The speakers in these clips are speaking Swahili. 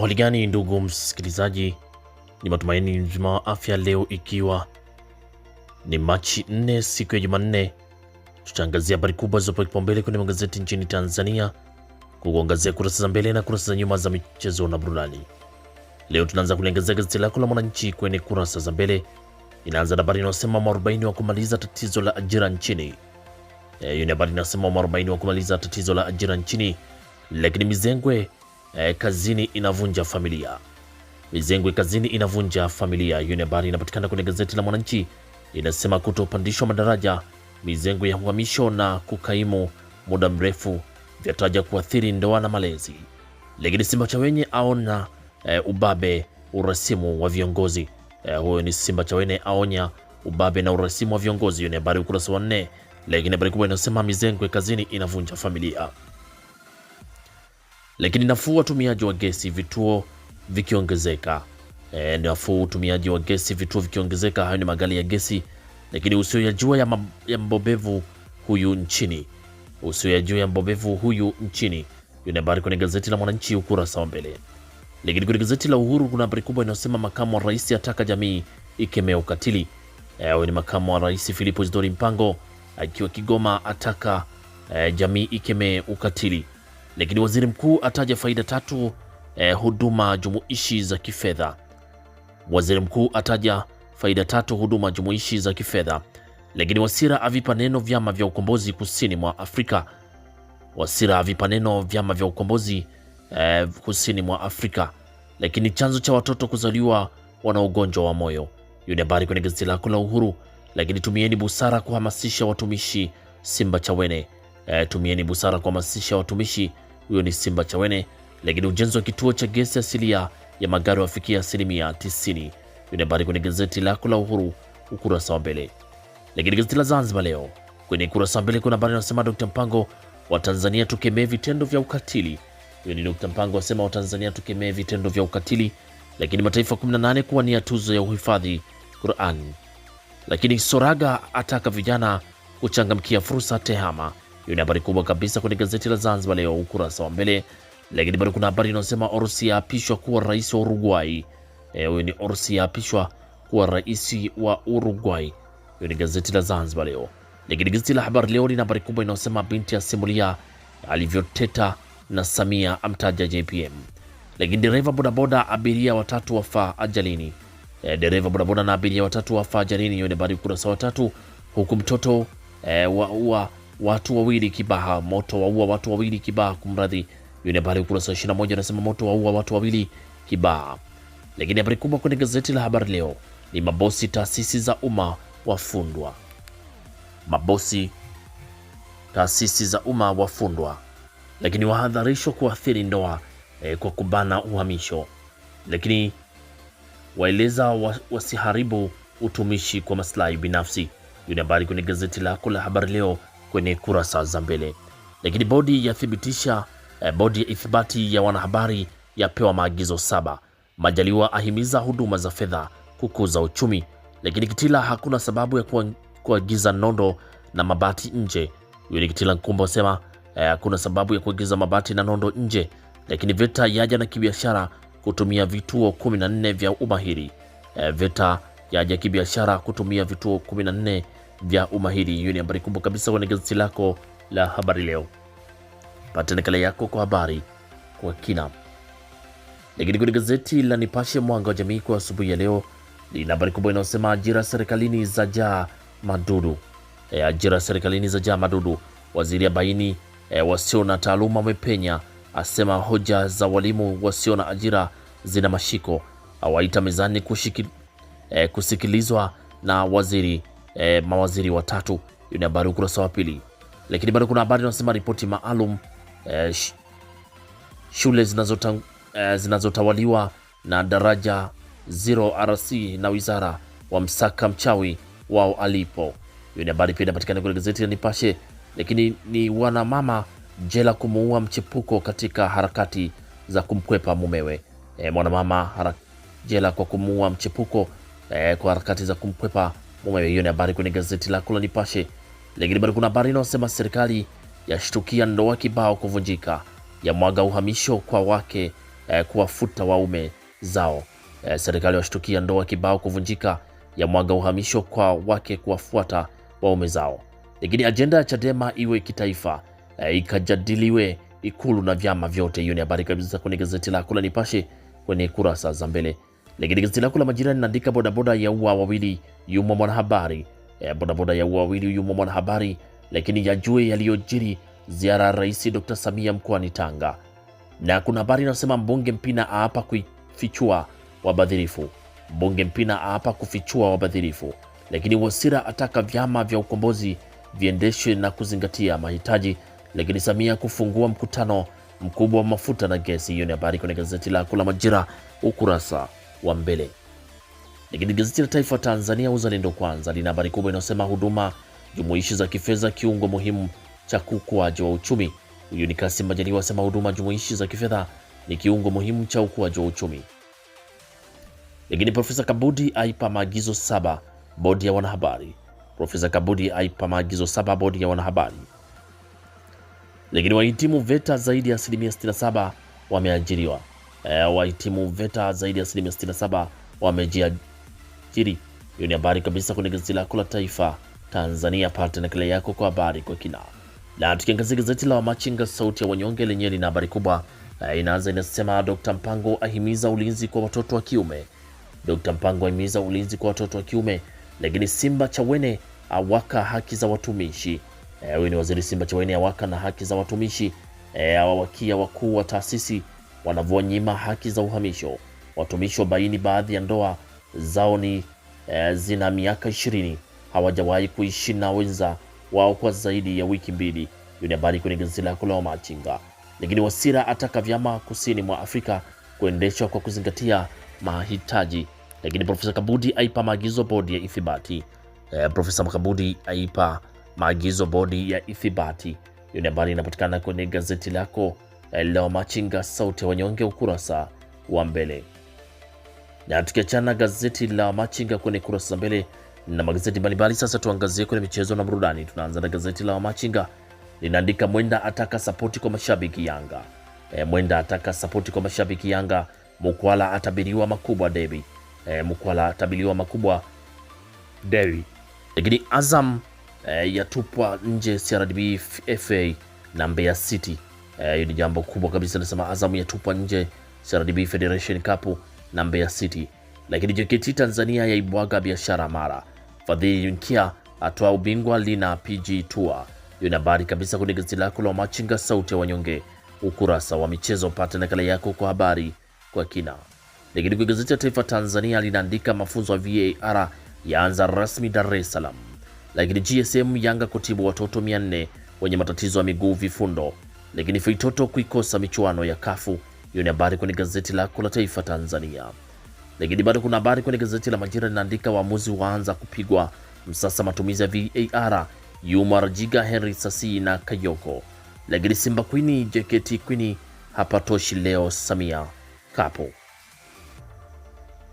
Hali gani ndugu msikilizaji, ni matumaini njema wa afya leo, ikiwa ni Machi nne siku ya Jumanne, tutaangazia habari kubwa zilizopewa kipaumbele kwenye magazeti nchini Tanzania, kukuangazia kurasa za mbele na kurasa za nyuma za michezo na burudani. Leo tunaanza kuliangazia gazeti lako la Mwananchi kwenye kurasa za mbele, inaanza na habari inayosema mwarobaini wa kumaliza tatizo la ajira nchini. Eh, hiyo ni habari inayosema mwarobaini wa kumaliza tatizo la ajira nchini, lakini mizengwe eh, kazini inavunja familia. Mizengwe kazini inavunja familia. Hiyo ni habari inapatikana kwenye gazeti la Mwananchi, inasema kutopandishwa madaraja, mizengwe ya uhamisho na kukaimu muda mrefu vyataja kuathiri ndoa na malezi. Lakini Simba Simbachawene aona e, ubabe urasimu wa viongozi e, huyo ni Simba Simbachawene aonya ubabe na urasimu wa viongozi. Hiyo ni habari ukurasa wa nne. Lakini habari kubwa inasema mizengwe kazini inavunja familia lakini nafuu watumiaji wa gesi vituo vikiongezeka. E, nafuu utumiaji wa gesi vituo vikiongezeka. Hayo ni magari ya gesi, lakini usio ya, jua ya ya mbobevu huyu nchini, usio ya jua ya mbobevu huyu nchini. Hiyo ni habari kwenye gazeti la Mwananchi ukurasa wa mbele. Lakini kwenye gazeti la Uhuru kuna habari kubwa inayosema makamu wa rais ataka jamii ikemea ukatili. E, huyu ni makamu wa rais Filipo Isdori Mpango akiwa Kigoma, ataka e, jamii ikemee ukatili lakini waziri mkuu ataja faida tatu eh, huduma jumuishi za kifedha. Waziri mkuu ataja faida tatu huduma jumuishi za kifedha. Lakini Wasira avipa neno vyama vya ukombozi kusini mwa Afrika. Wasira avipa neno vyama vya ukombozi eh, kusini mwa Afrika. Lakini chanzo cha watoto kuzaliwa wana ugonjwa wa moyo. Hiyo ni habari kwenye gazeti lako la Uhuru. Lakini tumieni busara kuhamasisha watumishi Simba Chawene. Eh, tumieni busara kuhamasisha watumishi huyo ni Simba Chawene. Lakini ujenzi wa kituo cha gesi asilia ya magari wafikia asilimia 90. Ni habari kwenye gazeti lako la Uhuru ukurasa wa mbele. Lakini gazeti la Zanzibar Leo kwenye ukurasa wa mbele kuna habari inasema Dr. Mpango wa Tanzania tukemee vitendo vya ukatili. Hiyo ni Dr. Mpango asema wa Tanzania tukemee vitendo vya ukatili. Lakini mataifa 18 kuwania tuzo ya uhifadhi Qur'an. Lakini Soraga ataka vijana kuchangamkia fursa tehama. Hiyo ni habari kubwa kabisa kwenye gazeti la Zanzibar Leo ukurasa wa mbele, lakini bado kuna habari inayosema Orsi yaapishwa kuwa rais wa Uruguay. E, huyo ni Orsi yaapishwa kuwa rais wa Uruguay. Hiyo ni gazeti la Zanzibar Leo, lakini gazeti la Habari Leo lina habari kubwa inayosema binti asimulia alivyoteta na Samia amtaja JPM. Lakini dereva bodaboda abiria watatu wafa ajalini. E, dereva bodaboda na abiria watatu wafa ajalini. Hiyo ni habari ukurasa wa tatu, huku mtoto e, wa, wa watu wawili Kibaha, moto waua watu wawili Kibaha. Kumradhi, hiyo ni habari ukurasa wa 21 anasema moto waua watu wawili Kibaha. Lakini habari kubwa kwenye gazeti la Habari Leo ni mabosi taasisi za umma wafundwa, mabosi taasisi za umma wafundwa, lakini wahadharishwa kuathiri ndoa eh, kwa kubana uhamisho, lakini waeleza wa, wasiharibu utumishi kwa maslahi binafsi. Hiyo ni habari kwenye gazeti lako la Habari Leo kwenye kurasa za mbele. Lakini bodi yathibitisha eh, bodi ya ithibati ya wanahabari yapewa maagizo saba. Majaliwa ahimiza huduma za fedha kukuza uchumi. Lakini Kitila, hakuna sababu ya kuagiza nondo na mabati nje. Huyu ni Kitila Nkumbo asema eh, hakuna sababu ya kuagiza mabati na nondo nje. Lakini VETA yaja na kibiashara kutumia vituo 14 vya umahiri. Eh, VETA yaja kibiashara kutumia vituo 14 vya umahiri. Hiyo ni habari kubwa kabisa kwenye gazeti lako la habari leo. Pata nakala yako kwa habari kwa kina. Lakini kwenye gazeti la Nipashe mwanga wa jamii kwa asubuhi ya leo lina habari kubwa inayosema ajira serikalini za jaa madudu. E, ajira serikalini za jaa madudu. Waziri abaini e, wasio na taaluma wamepenya, asema hoja za walimu wasio na ajira zina mashiko. Awaita mezani kushiki, e, kusikilizwa na waziri e, mawaziri watatu. Hiyo ni habari ukurasa wa pili, lakini bado kuna habari inasema ripoti maalum e, shule zinazota, e, eh, zinazotawaliwa na daraja 0 RC na wizara wa msaka mchawi wao alipo. Hiyo ni habari pia inapatikana kwenye gazeti la Nipashe, lakini ni wanamama jela kumuua mchepuko katika harakati za kumkwepa mumewe. E, mwanamama jela kwa kumuua mchepuko e, kwa harakati za kumkwepa hiyo ni habari kwenye gazeti lako la Nipashe. Lakini bado kuna habari inayosema serikali yashtukia ndoa kibao kuvunjika, ya mwaga uhamisho kwa wake eh, kuwafuta waume zao. Eh, serikali yashtukia ndoa kibao kuvunjika, ya mwaga uhamisho kwa wake kuwafuata waume zao. Lakini ajenda ya Chadema iwe kitaifa, eh, ikajadiliwe Ikulu na vyama vyote. Hiyo ni habari kabisa kwenye gazeti lako la Nipashe kwenye kurasa za mbele. Lakini gazeti lako la Majira linaandika bodaboda ua wawili yumo mwanahabari e, bodaboda yaua wawili yumo mwanahabari, lakini yajue yaliyojiri ziara ya Rais Dr. Samia mkoani Tanga, na kuna habari inasema mbunge Mpina aapa kufichua wabadhirifu, mbunge Mpina aapa kufichua wabadhirifu, lakini Wasira ataka vyama vya ukombozi viendeshwe na kuzingatia mahitaji, lakini Samia kufungua mkutano mkubwa wa mafuta na gesi. Hiyo ni habari kwenye gazeti lako la Majira ukurasa wa mbele. Lakini gazeti la Taifa Tanzania Uzalendo Kwanza lina habari kubwa inayosema huduma jumuishi za kifedha kiungo muhimu cha ukuaji wa uchumi. Huyu ni Kassim Majaliwa asema huduma jumuishi za kifedha ni kiungo muhimu cha ukuaji wa uchumi. Lakini Profesa Kabudi aipa maagizo saba bodi ya wanahabari. Profesa Kabudi aipa maagizo saba bodi ya wanahabari. Lakini wahitimu VETA zaidi ya asilimia 67 wameajiriwa eh, wahitimu VETA zaidi ya asilimia 67 wamejiajiri. Hiyo ni habari kabisa kwenye gazeti lako la Taifa Tanzania. Pata nakala yako kwa habari kwa kina. Na tukiangazia gazeti la Wamachinga sauti ya wanyonge, lenyewe lina habari kubwa eh, inaanza inasema, Dr. Mpango ahimiza ulinzi kwa watoto wa kiume. Dr. Mpango ahimiza ulinzi kwa watoto wa kiume, lakini Simba Chawene awaka haki za watumishi. Eh, huyu e, ni waziri Simba Chawene awaka na haki za watumishi e, awawakia wakuu wa taasisi wanavyonyima haki za uhamisho. Watumishi wabaini baadhi ya ndoa zao ni e, zina miaka ishirini, hawajawahi kuishi na wenza wao kwa zaidi ya wiki mbili. Hiyo ni habari kwenye gazeti lako la Machinga. Lakini Wasira ataka vyama kusini mwa Afrika kuendeshwa kwa kuzingatia mahitaji. Lakini Profesa Kabudi aipa maagizo bodi ya ithibati. E, Profesa Kabudi aipa maagizo bodi ya ithibati. Hiyo ni habari inapatikana kwenye gazeti lako la Machinga Sauti ya Wanyonge ukurasa wa mbele. Na tukiachana gazeti la Machinga kwenye kurasa za mbele na magazeti mbalimbali, sasa tuangazie kwenye michezo na burudani. Tunaanza na gazeti la Machinga linaandika Mwenda ataka sapoti kwa mashabiki Yanga. E, Mwenda ataka sapoti kwa mashabiki Yanga. Mukwala atabiriwa makubwa debi. E, Mukwala atabiriwa makubwa debi. Lakini Azam e, yatupwa nje CRDB FA na Mbeya City Eh, hiyo e, ni jambo kubwa kabisa. Nasema Azam yatupwa nje CRDB Federation Cup na Mbeya City, lakini JKT Tanzania yaibwaga biashara mara Fadhili Nkia atoa ubingwa lina PG Tour. Hiyo ni habari kabisa kwenye gazeti lako la Machinga sauti ya wanyonge ukurasa wa michezo, pata nakala yako kwa habari kwa kina. Lakini kwa gazeti ya Taifa Tanzania linaandika mafunzo ya VAR yaanza rasmi Dar es Salaam, lakini GSM Yanga kutibu watoto 400 wenye matatizo ya miguu vifundo lakini Feitoto kuikosa michuano ya Kafu. Hiyo ni habari kwenye gazeti lako la Taifa Tanzania, lakini bado kuna habari kwenye gazeti la Majira linaandika waamuzi waanza kupigwa msasa matumizi ya VAR, Yuma Rajiga, Henry Sasi na Kayoko. Lakini Simba Queen JKT hapa toshi leo Samia Kapo.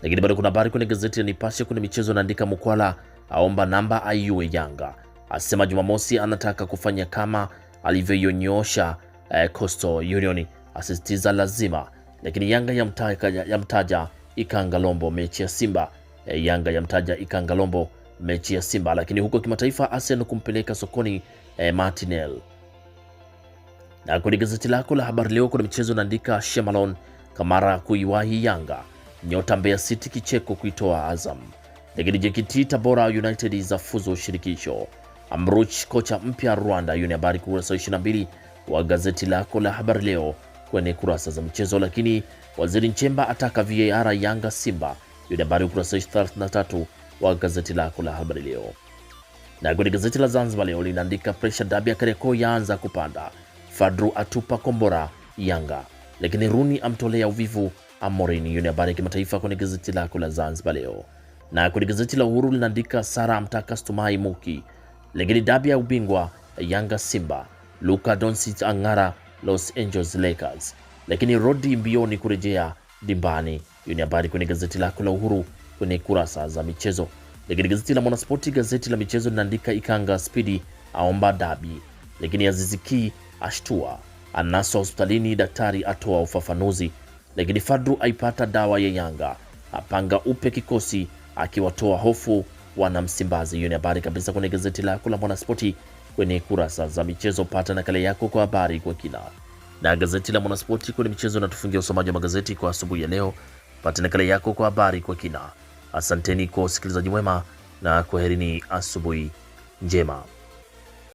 Lakini bado kuna habari kwenye gazeti la Nipashe kwenye michezo naandika Mkwala aomba namba aiue Yanga, asema Jumamosi anataka kufanya kama alivyoionyosha eh, Coastal Union, asisitiza lazima. Lakini Yanga yamtaja, yamtaja Ikangalombo mechi ya Simba eh, Yanga yamtaja Ikangalombo mechi ya Simba. Lakini huko kimataifa, Arsenal kumpeleka sokoni eh, Martinelli. Na kwenye gazeti lako la habari leo kuna michezo naandika Shemalon Kamara kuiwahi Yanga, nyota Mbeya City kicheko kuitoa Azam. Lakini JKT Tabora United za fuzo shirikisho. Amruch kocha mpya Rwanda. Hiyo ni habari kurasa wa gazeti lako la Habari Leo kwenye kurasa za michezo. Lakini waziri Nchemba ataka VAR Yanga Simba, hiyo ni habari ukurasa 33 wa gazeti lako la Habari Leo. Na kwenye gazeti la Zanzibar Leo linaandika presha dabi ya Kariakoo yaanza kupanda, Fadru atupa kombora Yanga, lakini Runi amtolea uvivu Amorini. Hiyo ni habari ya kimataifa kwenye gazeti lako la Zanzibar Leo. Na kwenye gazeti la Uhuru linaandika Sara amtaka Stumai Muki, lakini dabi ya ubingwa Yanga Simba Luka Doncic ang'ara Los Angeles Lakers, lakini rodi mbioni kurejea dimbani. Hiyo ni habari kwenye gazeti lako la Uhuru kwenye kurasa za michezo. Lakini gazeti la Mwanaspoti, gazeti la michezo linaandika Ikanga spidi aomba dabi, lakini Aziziki ashtua anaswa hospitalini, daktari atoa ufafanuzi. Lakini Fadru aipata dawa ya Yanga, apanga upe kikosi akiwatoa hofu wana Msimbazi. Hiyo ni habari kabisa kwenye gazeti lako la Mwanaspoti kwenye kurasa za michezo. Pata nakala yako kwa habari kwa kina. Na gazeti la Mwanaspoti kwenye michezo tufungia usomaji wa magazeti kwa asubuhi ya leo. Pata nakala yako kwa habari kwa kina. Asanteni kwa usikilizaji mwema na kwaherini, asubuhi njema.